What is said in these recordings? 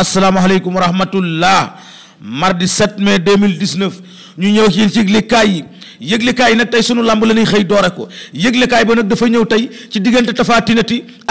asalaamaaleykum wa rahmatullah mardi 7 mai 2019 ñu ñëw ci yëglikaay yi yëglikaay yi nag tey sunu làmb la ñuy xëy doore ko yëglikaay ba nag dafa ñëw tey ci diggante Tapha Tine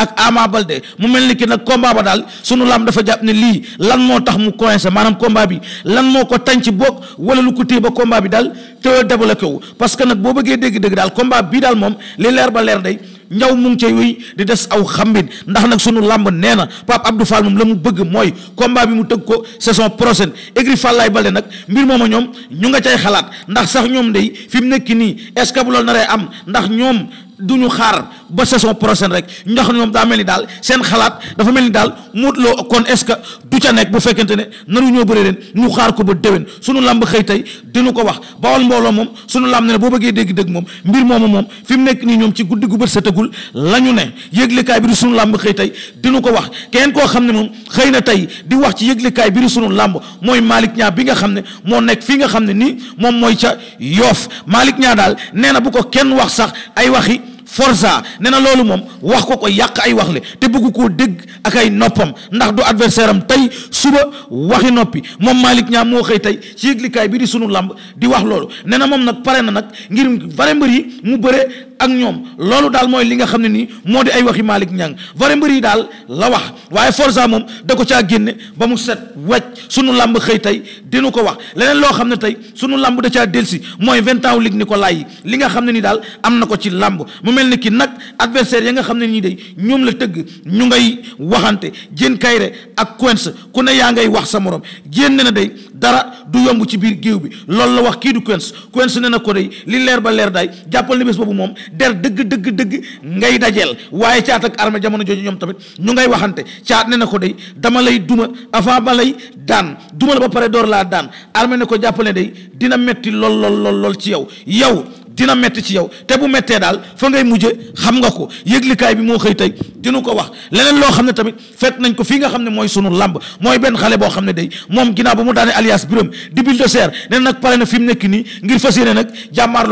ak Ama Baldé mu mel ni ki nag combat ba daal sunu lamb dafa jàpp ne lii lan moo tax mu coincé maanaam combat bi lan moo ko tànc boog wala lu ko téye ba combat bi daal te développé wu parce que nag boo bëggee dégg-dégg daal combat bii daal moom li leer ba leer day njaw mu ngi cay wuy di des aw xambin ndax nag sunu làmb nee na Pape Abdou Fall moom la mu bëgg mooy combat bi mu tëgg ko saison prochaine écrit Fallaye bale nag mbir mooma ñoom ñu nga cay xalaat ndax sax ñoom day fi mu nekk nii est ce que bu loolu naree am ndax ñoom du ñu xaar ba saison prochaine rek ñax ñoom daa mel ni daal seen xalaat dafa mel ni daal Modou loo kon est-ce que du ca nekk bu fekkente ne naru ñoo bëri leen ñu xaar ko ba déwén suñu làmb xëy tey dinu ko wax bawal mbooloo moom sunu làmb boo bëggee dégg dëgg moom mbir moomu moom fi mu nekk nii ñoom ci guddi gu bët sa la ñu ne yëglikaay bi di sunu làmb xëy tey dinu ko wax kenn koo xam ne moom xëy na tey di wax ci yëglekaay bi nu sunu làmb mooy Malick ñaa bi nga xam ne moo nekk fii nga xam ne nii moom mooy ca Yoff Malick Niang daal nee na bu ko kenn wax sax ay waxi forza nee na loolu moom wax ko ko yàq ay wax le te bëgg koo dégg ak ay noppam ndax du adversaire am tey suba waxi noppi moom Malick Niang moo xëy tey ci yëglikaay bi di sunu làmb di wax loolu nee na moom nag pare na nag ngir bare mbër yi mu bëre ak ñoom loolu daal mooy li nga xam ne nii moo di ay waxi Malick Niang vrai mbër yi daal la wax waaye Forza moom da ko caa génne ba mu set wecc suñu làmb xëy tey dinu ko wax leneen loo xam ne tey sunu làmb da caa delsi mooy vingt ans wu lig ni ko laay li nga xam ne nii daal am na ko ci làmb mu mel ni kii nag adversaire ya nga xam ne nii day ñoom la tëgg ñu ngay waxante jén kayre ak coins ku ne yaa ngay wax sa morom génne na day dara du yomb ci biir géew bi loolu la wax kii du Quench Quench ne na ko dey li leer ba leer day jàppal ne bés boobu moom der dëgg dëgg dëgg ngay dajeel waaye caat ak armée jamono jooju ñoom tamit ñu ngay waxante caat ne ko dey dama lay duma avant ba lay daan duma la ba pare door laa daan armée ne ko jàppale ne day dina metti lool lool lool lool ci yow yow dina metti ci yow te bu mettee daal fa ngay mujje xam nga ko yëglikaay bi moo xëy tey dinu ko wax leneen loo xam ne tamit fekk nañ ko fii nga xam ne mooy sunu làmb mooy benn xale boo xam ne day moom ginnaaw ba mu daane alias Birame di Bulle de Serre nee nag na fi mu nekk nii ngir fas yéene nag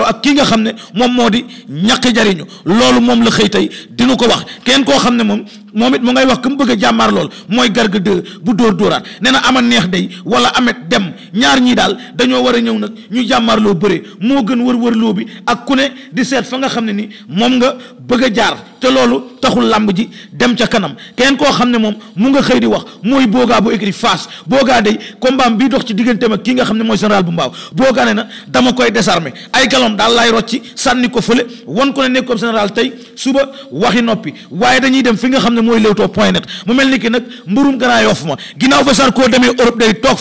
ak kii nga xam ne moom moo di ñaqi jariñu loolu moom la xëy tey dina ko wax kenn koo xam ne moom moom it mu ngay wax ku mu bëgg a jàmmaar lool mooy garga dë bu dóor dóoraat nee na ama neex day wala amet dem ñaar ñii daal dañoo war a ñëw nag ñu jàmmaarloo bëre moo gën wër wër loo bi ak ku ne di seet fa nga xam ne ni moom nga bëgg a jaar te loolu taxul làmb ji dem ca kanam keneen koo xam ne moom mu nga xëy di wax mooy boogaa bu écrit face boogaa day combat bii dox ci digganteem ak kii nga xam ne mooy général bu mbaaw boogaa ne na dama koy désarmer ay galon daal laay rocci sànni ko fële wan ko ne nekk comme général tey suba waxi noppi waaye dañuy dem fi nga xam ne mooy leewtoo point net mu mel ni ki nag mburum Grand Yoff ma ginnaaw fa Zarko demee Europe day toog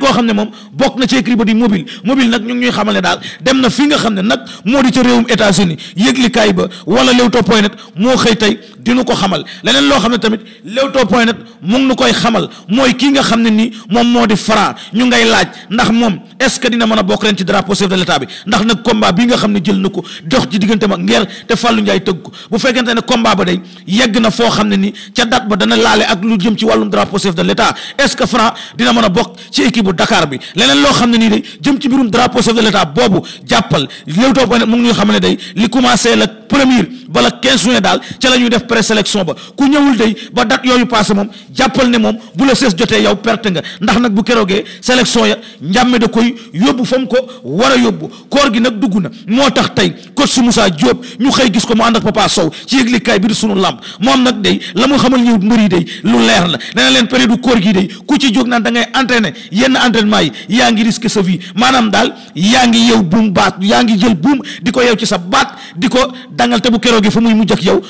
koo xam ne moom bokk na ci écrit ba di mobile mobile nag ñu daal dem nga xam ne nag moo di ca réewum États-Unis yëglikaay ba wala Leewtoo point net moo xëy tey dina ko xamal leneen loo xam ne tamit Leewtoo point net mu ngi nu koy xamal mooy kii nga xam ne nii moom moo di Franc ñu ngay laaj ndax moom est-ce que dina mën a bokk ren ci drapeau chef de l'état bi ndax nag combat bi nga xam ne jël na ko dox ci diggante ma ngeer te Fallou Ndiaye tëgg ko bu fekkente ne combat ba day yegg na foo xam ne nii ca date ba dana laale ak jëm ci wàllum drapeau chef de l'état est-ce que Franc dina mën a bokk ci bi leneen loo xam ne nii day jëm ci mbirum drapeau chef de l'état boobu jàppal Leewtoo point net mu ngi ne day li commencé la premier bala 15 juin daal ca la def présélection ba ku ñëwul day ba date yooyu passé moom jàppal ne moom bu la sees jotee yow perte nga ndax nag bu keroogee sélection ya njàmme da koy yóbbu fa mu ko war a yóbbu koor gi nag dugg na moo tax tey coach Moussa Diop ñu xëy gis ko mu ànd ak Papa Sow ci yëglikaay bi di sunu làmp moom nag day la mu xamal ñëw mbër yi day lu leer la dana leen période koor gi day ku ci jóg naan da ngay entraîner yenn entraînement yi yaa ngi risque sa vie maanaam daal yaa ngi yew buum baat yaa ngi jël buum di ko yew ci sa baat di ko dangal te bu keroogee fa muy yow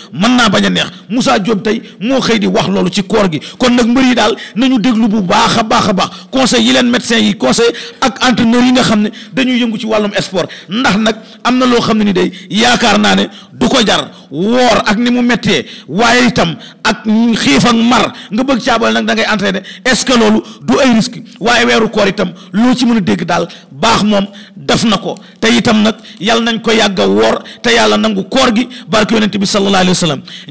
leen neex Moussa Diop tey moo xëy di wax loolu ci koor gi kon nag mbër yi daal nañu déglu bu baax a baax a baax conseil yi leen médecin yi conseil ak entraîneur yi nga xam ne dañuy yëngu ci wàllum sport ndax nag am na loo xam ne ni day yaakaar naa ne du ko jar woor ak ni mu méttee waaye itam ak xiif ak mar nga bëgg caabal nag da ngay entraîner est-ce que loolu du ay risque waaye weeru koor itam loo ci mën a dégg daal baax moom def na ko te itam nag yàlla nañ ko yàgg a woor te yàlla nangu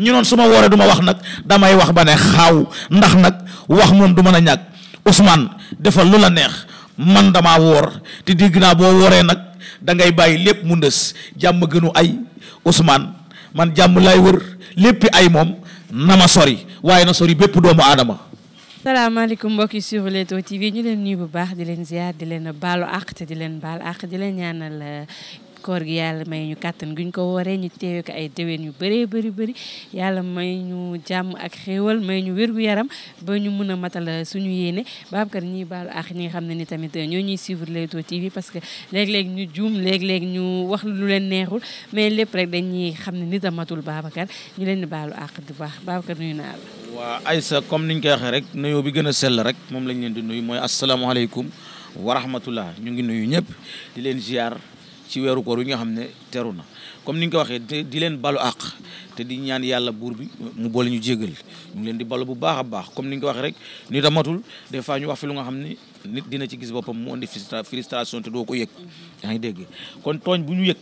ñu noon su ma wooree du wax nag damay wax ba ne xaaw ndax nag wax moom du mën a ñàkk Ousmane defal lu la neex man damaa woor te dégg naa boo wooree nag da ngay bàyyi lépp mu ndës jàmm gënu ay Ousmane man jàmm lay wër léppi ay moom na ma sori waaye na sori bépp doomu aadama salaamaaleykum mbokk yi sur Leewtoo TV ñu leen nuyu bu baax di leen ziar di leen baalu àq te di leen baal àq di leen ñaanal koor gi la may ñu kàttan guñ ko wooree ñu teewee ko ay déwén yu bëree bëri bëri yàlla may ñu jàmm ak xéewal may ñu wér gu yaram ba ñu mun a matal suñu yéene Babacar ñiy baalu ak ñi nga xam ne ni tamit ñoo ñuy suivre Leewtoo parce que léeg-léeg ñu juum léeg-léeg ñu wax lu leen neexul mais lépp rek dañuy xam ne nit a matul Babacar ñu leen di baalu ak bu baax Babacar nuyu naa la. waa Aïssa comme niñ koy waxee rek nuyoo bi gën a sell rek moom lañ leen di nuyu mooy asalaamaaleykum wa rahmatullah ñu ngi nuyu ñëpp di leen ziar. ci weeru koor yi nga xam ne teru na comme ni nga di leen balu àq te di ñaan yàlla buur bi mu boole ñu jégal ñu ngi leen di balu bu baax bax comme ni nga ko waxee rek nit a matul des fois ñu wax fi lu nga xam ne nit dina ci gis boppam mu indi frustration te doo ko yëg yaa ngi dégg kon tooñ bu ñu yëg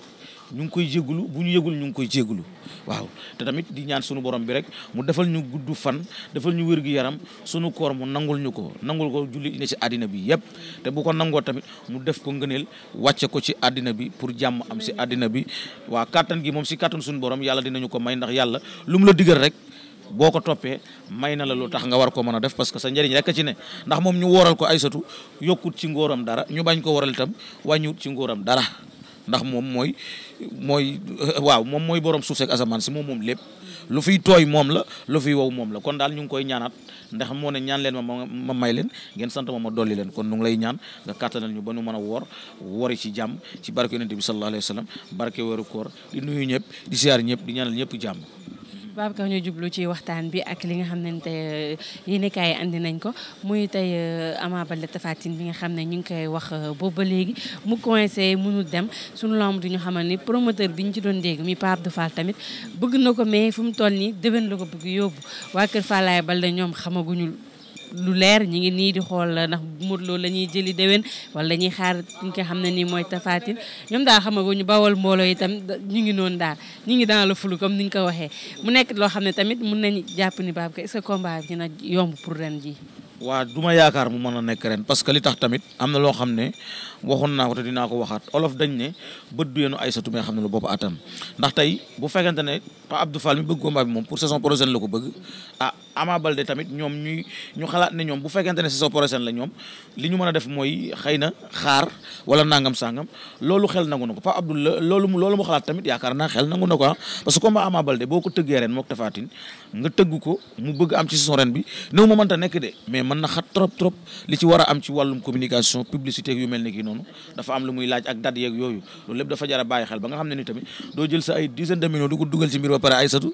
ñu ngi koy jégalu bu ñu yëgul ñu ngi koy jégalu waaw te tamit di ñaan sunu borom bi rek mu defal ñu gudd fan defal ñu wér yaram sunu koor mu nangul ñu ko nangul ko julli ne si àddina bi yëpp te bu ko nangoo tamit mu def ko ngëneel wàcce ko ci àddina bi pour jàmm am si àddina bi waa kàttan gi moom si kattan sunu borom yàlla dinañu ko may ndax yàlla lu mu la digal rek boo ko toppee may na la loo tax nga war ko mën a def parce que sa njëriñ ci ne ndax moom ñu wooral ko aysatu yokkut ci ngóoram dara ñu bañ ko waral itam wàññiwut ci ngóoram dara ndax moom mooy mooy waaw moom mooy borom suuf seeg asamaan si moom moom lépp lu fiy tooy moom la lu fiy wow moom la kon daal ñu ngi koy ñaanaat ndax moo ne ñaan leen ma ma may leen ngeen sant ma ma dolli leen kon nu ngi lay ñaan nga kàttanal ñu ba nu mën a woor wori ci jàmm ci barke yonente bi sallallahu alayhi wa sallam barke weeru koor di nuyu ñëpp di siyaar ñëpp di ñaanal ñëpp jàmm Babacar ñu jublu ci waxtaan bi ak li nga xam ne tey yéenekaay yi andi nañ ko muy tey euh, Ama Baldé Tapha Tine bi nga xam ne ñu ngi koy wax euh, boobu ba léegi mu coincé mënul dem suñu lamb du ñu xamal ni promoteur bi ñu ci doon dégg mi Pape de Fall tamit bëgg na ko mais fu mu toll nii déwén la ko bëgg yóbbu waa Kër Fallaye Baldé ñoom xamaguñu. lu leer ñi ngi nii di xool ndax Modou Lo la ñuy jëli déwén wala ñuy xaar mooy tafaatin ñoom daal xam nga ñu bawal mbooloo itam ñu ngi noonu daal ñu ngi dans le flou comme ni ñu ko waxee mu nekk loo xam ne tamit mun nañ jàpp ni Babacar est-ce que combat bi dina yomb pour ren ji waa du ma yaakaar mu mën a nekk ren parce que li tax tamit am na loo xam ne waxoon naa ko te dinaa ko waxaat olof dañ ne bët du yenu ay satu mais xam ne lu bopp atam ndax tey bu fekkente ne Pa Abdou Fall mi la ko bëgg ah, Ama Baldé tamit ñoom ñuy ñu xalaat ne ñoom bu fekkente ne saison prochaine la ñoom li ñu mën a def mooy xëy na xaar wala nangam sangam loolu xel nangu na ko Pape Abdoul loolu loolu mu xalaat tamit yaakaar naa xel na ko ah parce que combat Ama Baldé boo ko tëggee ren mook Tapha Tine nga tëgg ko mu bëgg am ci saison ren bi néew ma mënta nekk de mais mën na xat trop trop li ci war am ci wàllum communication publicité yu mel ni ki noonu dafa am lu muy laaj ak date yeeg yooyu loolu lépp dafa jar a bàyyi xel ba nga xam ne ni tamit doo jël sa ay dizaine de millions ko dugal ci mbir ba pare ay satu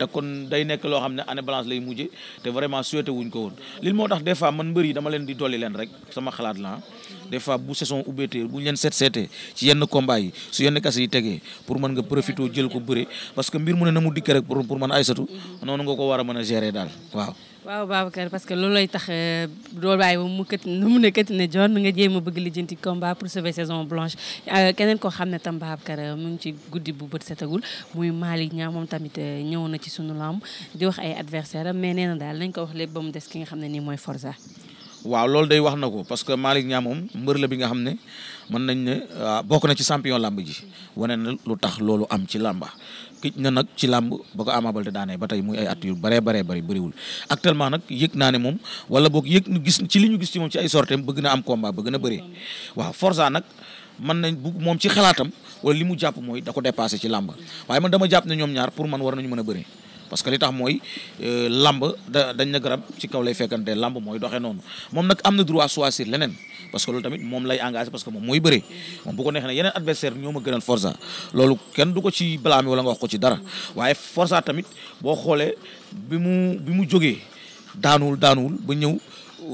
te kon day nekk loo xam ne année balance lay mujje te vraiment souhaité wuñ ko woon li moo tax des fois man mbër yi dama leen di dolli leen rek sama xalaat la ah. des fois bu saison ubbeetee bu ñu leen seet seetee ci yenn combat yi su yenn kase yi tegee pour mën nga profité jël ko bëre parce que mbir mu ne na mu dikk rek pour pour mën Aysatu mhm. noonu nga ko war a mën a gérer daal waaw. waaw Babacar parce que loolu lay tax doo euh, bàyyi mu kët nu ne kët nga jéem a bëgg lijjanti combat pour sauver saison blanche euh, keneen koo xam ne tam Babacar euh, mu ngi ci guddi bu bët setagul muy maali Niang moom tamit ñëw na ci sunu lamb di wax ay adversaire am mais nee na daal nañ ko wax lépp ba mu des ki nga xam ne nii mooy Forza. waaw loolu day wax na ko parce que Malick Niang moom mbër la bi nga xam ne mën nañ ne ah, bokk na ci champion làmb ji wane na lu tax loolu am ci làmba kij na nag ci làmb ba ko Ama daanee ba tey muy ay at yu baree baree bëri bëriwul actuellement nag yëg naa ne moom wala boog yëg ñu gis ci li ñu gis ci moom ci ay sorte bëgg na am combat bëgg na bëree waaw Forza nag mën nañ bu moom ci xalaatam wala li mu jàpp mooy da ko dépassé ci làmb waaye man dama jàpp ne ñoom ñaar pour man war nañu mën a bëree parce que li tax mooy euh, lamb dañ na garab ci kaw lay fekkante lamb mooy doxee noonu moom nag am na droit choisir leneen parce que loolu tamit moom lay engagé parce que moom mooy bëre moom bu ko neexee ne yeneen adversaire ñoo ma gënal Forza loolu kenn du ko ci blâmer wala nga wax ko ci dara waaye Forza tamit boo xoolee bi mu bi mu jógee daanuwul daanuwul ba ñëw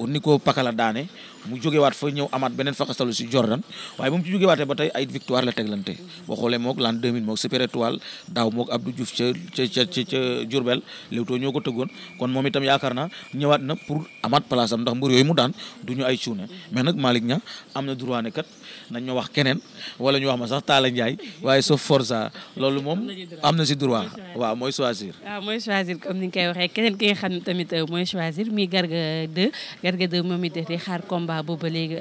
ni ko pakala daane mu jógewaat fa ñëw amaat beneen faxastalu si Jordan waaye bu jógewaatee ba tey ay victoire la teglante boo xoolee mook l'an 2000 mook Super Étoile daaw mook Abdou Diouf ca ca ca ca Diourbel Leewtoo ñoo ko tëggoon kon moom itam yaakaar naa ñëwaat na pour amaat place am ndax mbër yooyu mu daan du ñu ay cuune mais nag Malick Niang am na droit ne kat nañ ñu wax keneen wala ñu wax ma sax Talla Ndiaye waaye sauf Forza loolu moom am si droit mooy choisir waaw Garga 2 Garga 2 combat boobu ba léegi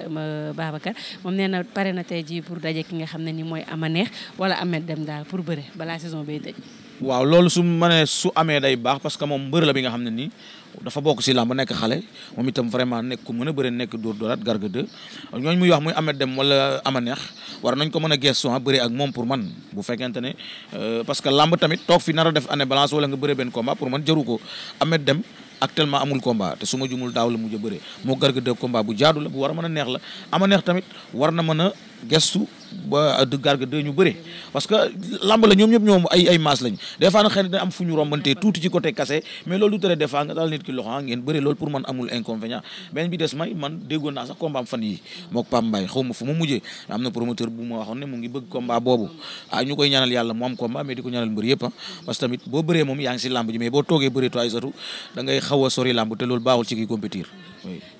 Babacar moom nee pare na tey jii pour daje ki nga xam ne ni mooy ama neex wala Ahmed Deme daal pour bëre balaa saison bay daj. waaw loolu su ma nee su amee day baax parce que moom mbër la bi nga xam ne nii dafa bokk si làmb nekk xale moom itam vraiment nekk ku mën a bëre nekk dóor dóoraat garga de ñooñu muy wax muy Ahmed Deme wala ama neex war nañ ko mën a gestu ah, bëre ak moom pour man bu fekkente ne euh, parce que làmb tamit toog fi nar a def année balance actuellement amul combat te su ma jumul daaw la mujj a bëree moo garga dëb combat bu jaadu la bu war a neex la ama neex tamit war na mën gestu ba du garga de bëre parce que lamb la ñëpp ñoom ay ay lañ des nag xëy na am fu ñu nga daal nit ki loxo ah, ngeen bëre loolu pour man amul inconvénient benn bi des may man déggoon naa sax combat fan yi mook Pape xaw ma fu mu mujjee am na promoteur bu ma waxoon ne mu ngi bëgg combat boobu ah ñu koy ñaanal yàlla mu am combat mais di ko ñaanal mbër yëpp ah tamit boo bëree moom yaa si lamb ji mais boo toogee bëree to ay satu sori lamb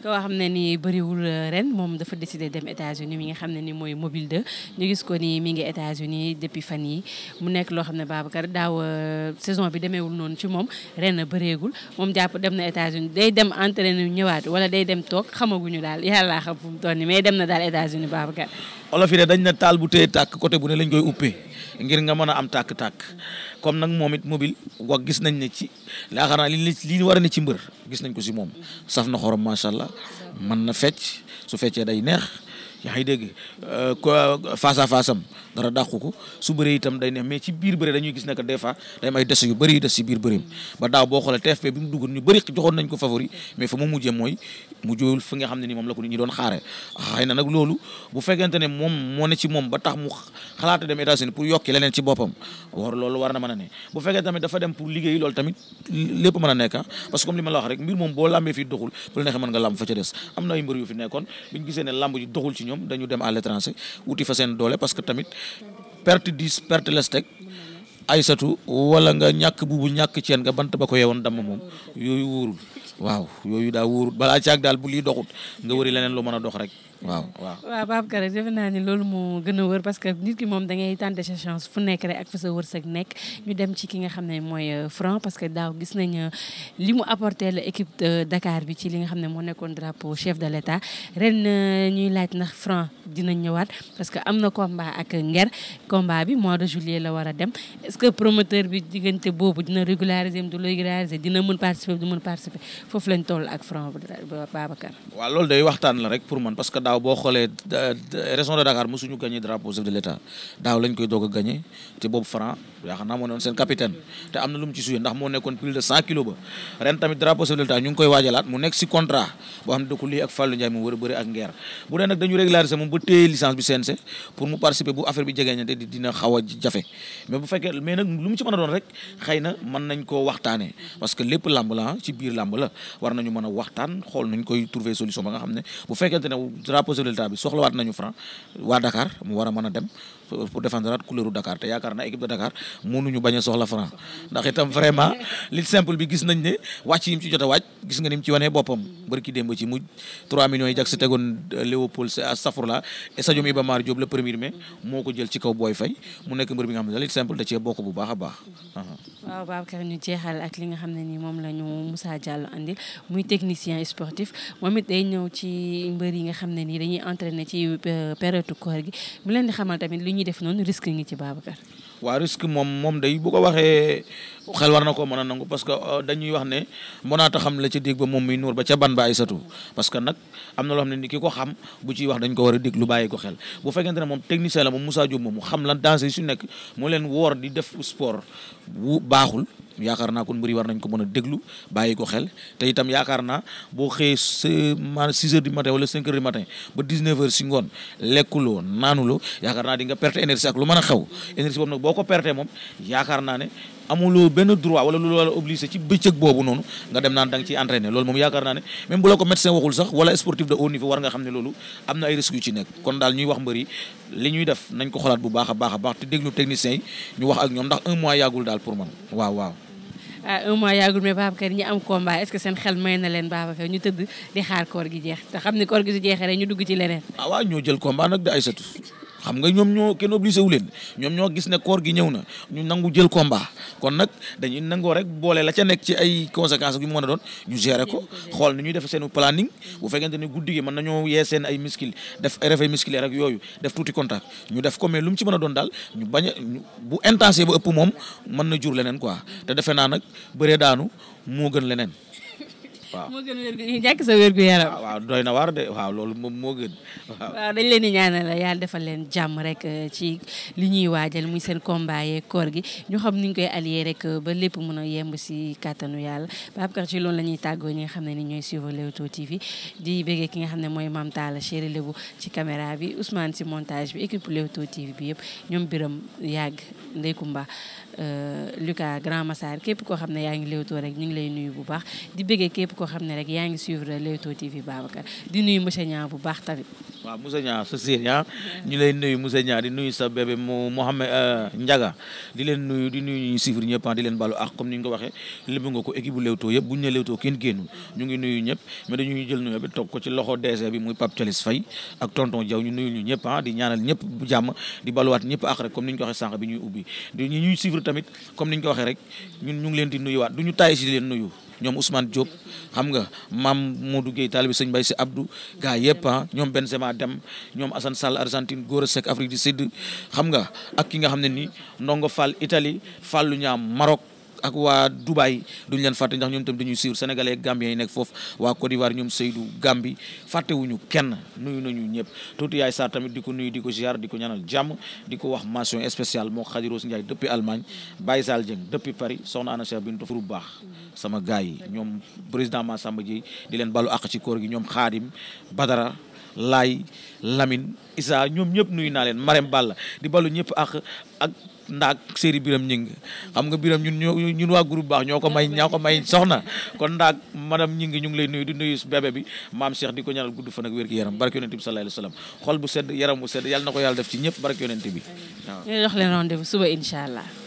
koo xam ne ni bëriwul euh, ren moom dafa décider dem États-Unis mi nga xam ne ni mooy mobile 2 ñu gis ko ni mi ngi États-Unis depuis fan yi mu nekk loo xam ne Babacar daaw euh, saison bi demeewul noonu ci moom ren bëreegul moom jàpp dem na États-Unis day dem entraîné ñëwaat wala day dem toog xamaguñu daal yàllaa xam fu mu toll mais dem na daal États-Unis Babacar olof yi de dañ na taal bu téye tàkk côté bu ne lañ koy uppee ngir nga mën a am tàkk-tàkk comme nag moom it mobile wax gis nañ ne ci yaakaar naa li li war a ci mbër gis nañ ko si moom saf na xorom macha allah man na fecc su feccee day neex yaa ngi dégg euh, ko face à face am dara dàqu ko su bëree itam day neex mais ci biir bëri dañuy gis ne que des day may des yu bëri yu des si biir bërim ba daaw boo xoolee TFP bi mu duggoon ñu bëri joxoon nañ ko favori mais fa mu mujjee mooy mu jóyul fi nga xam ne ni moom la ko nit ñi doon xaare xëy na loolu bu fekkente ne moom moo ne moom ba tax mu xalaata dem États-Unis pour yokki leneen ci boppam war loolu war na mën ne bu fekkee tamit dafa dem pour liggéey loolu tamit lépp mën a nekk parce que comme li ma la wax rek mbir moom boo làmbee fii doxul bu la neexee nga làmb fa des am na ay mbër fi nekkoon bi ñu gisee ne làmb ji doxul ci ñoom dañu dem à l'étranger wuti fa seen doole parce que tamit perte dis perte lesteg aysatu wala nga ñàkk bubu ñàkk ceen nga bant ba ko yeewoon damm moom yooyu wóorul waaw yooyu daa wóorut balaa caag daal bu lii doxut nga wëri leneen lu mën a dox rek waaw waaw waaw Babacar defe naa ni loolu moo gën a wër parce que nit ki moom da ngay tenter sa chance fu nekk rek ak fu sa nekk ñu dem ci ki nga xam ne mooy euh, Franc parce que daaw gis nañ euh, li mu apporté la équipe de euh, Dakar bi ci li nga xam ne moo nekkoon drapeau chef de l'État ren ñuy laaj na Franc dina ñëwaat parce que am na combat ak Nger combat bi mois de juillet la war a dem est-ce que promoteur bi diggante boobu dina régulariser du régulariser dina mën participer du mën participer foofu lañ toll ak Franc Babacar. waaw loolu day waxtaan la daaw boo xoolee région de Dakar mosuñu gagné drapeau chef daaw lañ koy doog a gagné te boobu Franc yaakaar naa moo nekkoon seen capitaine te am na lu mu ci suyee ndax moo nekk si contrat boo xam ne da ko lii ak a bëri ak ngeer bi CNC pour mu participer bu affaire bi a jafe mais lu mu ci mën a doon rek xëy na mën nañ koo waxtaanee parce que lépp làmb la ah, ci biir làmb la war nañu mën a waxtaan xool nañ koy trouver solution ba nga xam ne bu fekkente ne la possibilité bi soxlawaat nañu franc waa Dakar mu war a mën a dem pour défendre couleur Dakar te yaakaar na équipe de Dakar mënuñu bañ a soxla Franc ndax itam vraiment li simple bi gis nañ ne wàcc yi mu ci jot a wàcc gis nga ni mu ci wanee boppam bari ki démb ci mujj 3 millions euh, ci mu nekk mbër bi nga xam ne li a moom la ñu Moussa Diallo muy technicien sportif moom it day ñëw ci mbër yi nga xam ne nii dañuy entraîner ci euh, période koor gi mu leen di xamal tamit ñuy def noonu risque ngi ci Babacar. waa risque moom moom day bu ko waxee xel war na koo mën a nangu parce que euh, dañuy wax ne mënaata xam la ca dégg ba moom muy nuur ba ca ban ba ay satu parce que nag am na loo xam ne ni ki ko xam bu ciy wax dañ ko war a dégg lu bàyyi ko xel bu fekkente ne moom technicien la moom Moussa Diop moom mu xam lan danse su nekk mu leen woor di def sport baaxul yaakaar naa kon mbir yi war nañ ko mën a déglu bàyyi ko xel te itam yaakaar naa boo xëyee maanaam 6 heures du matin wala 5 heures du matin ba 19 heures si ngoon lekkuloo naanuloo yaakaar naa di nga perte énergie ak lu mën a xew énergie boobu nag boo ko moom yaakaar naa ne amuloo benn droit wala lu la boobu noonu nga dem naa da nga ciy entraîné loolu moom yaakaar naa ne même bu la ko médecin waxul sax wala sportif de haut niveau war nga xam ne loolu am na ay risques ci nekk kon daal ñuy wax mbër yi li ñuy def nañ ko xalaat bu baax a baax a baax te déglu techniciens yi ñu wax ak ñoom ndax un mois yàggul daal pour man waaw ah un mois yaagul mais Babacar ñi am combat est que seen xel may na leen Babacar ñu tëdd di xaar koor gi jeex te xam ne koor gi su jeexee rek ñu dugg ci leneen. ah waaw ñoo jël combat nag di Aïssatou xam nga ñoom ñoo kenn obligé wu leen ñoom ñoo gis ne koor gi ñëw na ñu nangu jël combat kon nag dañuy nangoo rek boole la ca nekk ci ay conséquences yu mu mën a doon ñu gérer ko xool ni ñuy def seen planning bu fekkente ni guddi gi mën nañoo yee seen ay muscle def réveil musculaire rek yooyu def tuuti contact ñu def ko mais lu mu ci mën a doon daal ñu bañ a bu intense ba ëpp moom mën na jur leneen quoi te defe naa nag bëree daanu moo gën leneen. waaw moo gën wér gu ñàkk sa wér gu yaram. Ah, waaw doy na war de waaw loolu moom moo waaw. dañ leen di ñaanal yàlla defal leen jàmm rek euh, ci li ñuy waajal muy seen combat yee koor gi ñu xam ni ñu koy allier rek euh, ba lépp mën a yemb si kàttanu yàlla Babacar ci loolu la ñuy tàggoo ñi nga xam ne ni ñooy suivre Leewtoo TV di bëggee ki nga xam ne mooy Mame Talla Chéri Lebu ci caméra bi Ousmane si montage bi équipe Leewtoo TV bi yëpp ñoom biram yàgg Ndey Kumba Euh, luka Grand Massar képp koo xam ne yaa ngi Leewtoo rek ñu ngi lay nuyu bu baax di bëggee képp koo xam ne rek yaa ngi suivre Leewtoo TV Babacar di nuyu monsieur Niang bu baax tamit. waaw Moussa Niang sa séeri ah ñu lay nuyu Moussa Niang di nuyu sa bébé mu Mohamed euh, Ndiaga di leen nuyu di nuyu ñu suivre ñëpp ah, di leen balu ak comme ni nga ko waxee lépp nga ko équipe bu ñu ngi nuyu ñëpp mais dañuy jël nuyu bi toog ko ci loxo DG bi muy Pape Thialis Faye ak tonton Diaw ñu nuyu ñu ñëpp ah, di ñaanal ñëpp bu jàmm di baluwaat ñëpp ak rek comme ni ñu ko waxee sànq bi ñuy ubbi di ñuy suivre tamit comme ni ñu ko waxee rek ñun ñu ngi leen di nuyuwaat du ñu tàyyi si leen nuyu ñoom Ousmane Diop xam nga maam Modou Gueye taalibi sëñ Mbaye si Abdou gaa yëpp ah ñoom Benzema dem ñoom assan Sall Argentine Gora Seck Afrique du Sud xam nga ak ki nga xam ne nii Ndongo Fall Italie Fallou Niang Maroc ak waa Dubaay duñ leen fàtte ndax ñoom itam dañuy suivre sénégalais gambien yi nekk foofu waa Côte d'Ivoire ñoom Seydou Gambi fàttewuñu kenn nuyu nañu ñëpp tuuti yaay Sarr tamit di ko nuy di ko ziar di ko ñaanal jàmm di ko wax mention spéciale moo Khady Rose Ndiaye depuis Allemagne Baye Sall Dieng depuis Paris soxna Anna Cheikh Bintou bu baax sama gars yi ñoom président Massamba Dieye di leen balu àq ci koor gi ñoom Khadim Badara laay Lamine Issa ñoom ñëpp nuyu naa leen Marème Balla di balu ñëpp ak ak ndaak séri biram ñing xam nga biram ñun ñoo ñun waa groupe baax ñoo ko may ñoo ko may soxna kon ndaak madame ñing ñu ngi lay nuyu di nuyu bébé bi maam Cheikh di ko ñaanal gudd fan ak wér gi yaram barke yonent bi sallallahu xol bu sedd yaram bu sedd yàlla na ko yàlla def ci ñëpp barke yonent bi waaw ñu allah